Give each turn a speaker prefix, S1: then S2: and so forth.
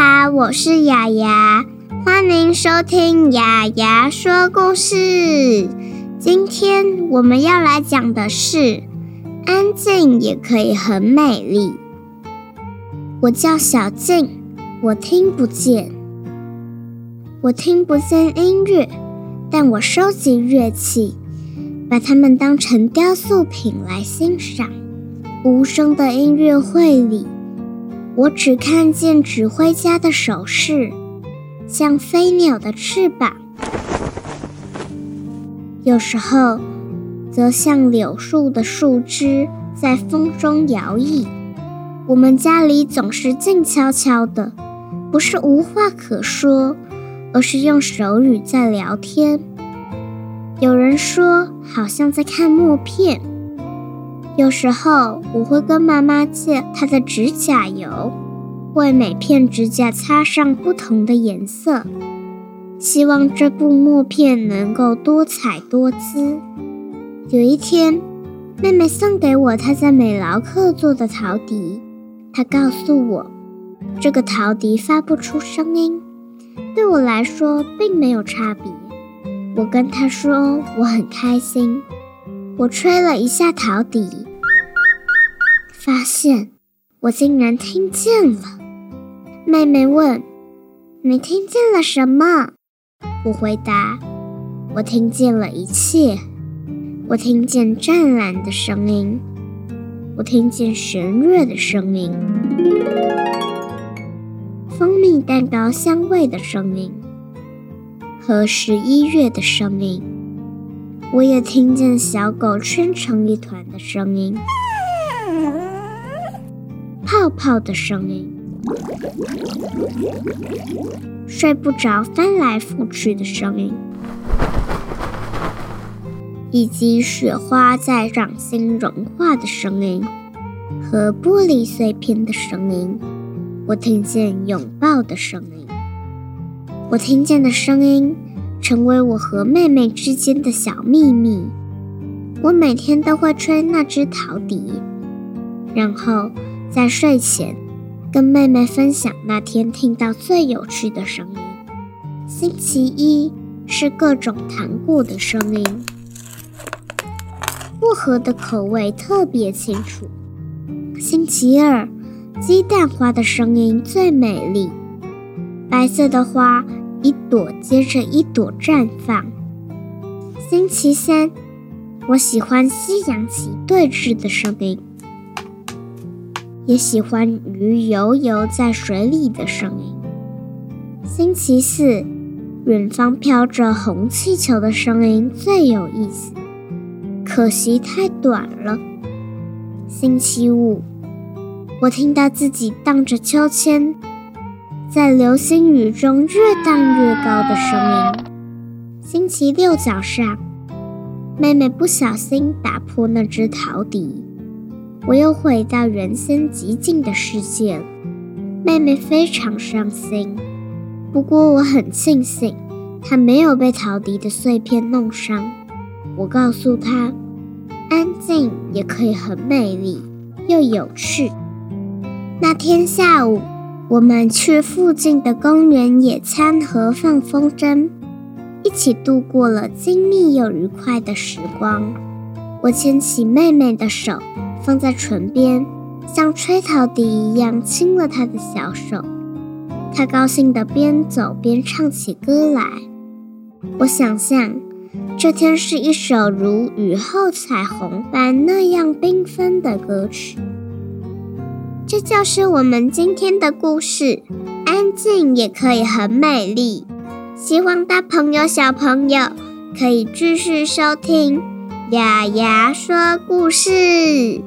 S1: 哈，我是亞亞，歡迎收聽亞亞說故事。今天我們要來講的是《安靜也可以很美麗》。我叫小靜，我聽不見，我聽不見音樂，但我收集樂器，把它們當成雕塑品來欣賞。無聲的音樂會裡，我只看見指揮家的手勢，像飛鳥的翅膀；有時候，則像柳樹的樹枝在風中搖曳。我們家裡總是靜悄悄的，不是無話可說，而是用手語在聊天。有人說，好像在看默片。有時候我會跟媽媽借她的指甲油，為每片指甲擦上不同的顏色，希望這部默片能夠多彩多姿。有一天，妹妹送給我她在美勞課做的陶笛，她告訴我這個陶笛發不出聲音，對我來說並沒有差別。我跟她說我很開心，我吹了一下陶笛。發現，我竟然聽見了。妹妹問：“你聽見了什麼？”我回答：“我聽見了一切。我聽見湛藍的聲音，我聽見弦樂的聲音，蜂蜜蛋糕香味的聲音，和十一月的聲音。我也聽見小狗蜷成一團的聲音。”泡泡的聲音，睡不着翻來覆去的聲音，以及雪花在掌心融化的聲音和玻璃碎片的聲音。我聽見擁抱的聲音，我聽見的聲音成為我和妹妹之間的小秘密。我每天都會吹那支陶笛，然後……在睡前，跟妹妹分享那天聽到最有趣的聲音。星期一是各種糖果的聲音，薄荷的口味特別清楚。星期二，雞蛋花的聲音最美麗，白色的花一朵接着一朵綻放。星期三，我喜歡夕陽起對峙的聲音。也喜歡魚游游在水裡的聲音。星期四，遠方飄着紅氣球的聲音最有意思，可惜太短了。星期五，我聽到自己蕩着秋千，在流星雨中越蕩越高的聲音。星期六早上，妹妹不小心打破那隻陶笛。我又回到原先寂靜的世界了。妹妹非常傷心，不過我很慶幸她沒有被陶笛的碎片弄傷。我告訴她，安靜也可以很美麗又有趣。那天下午，我們去附近的公園野餐和放風箏，一起度過了親密又愉快的時光。我牽起妹妹的手。放在唇邊，像吹陶笛一樣親了他的小手，他高興地邊走邊唱起歌來。我想象，這天是一首如雨後彩虹般那樣繽紛的歌曲。這就是我們今天的故事，安靜也可以很美麗。希望大朋友小朋友可以繼續收聽亞亞說故事。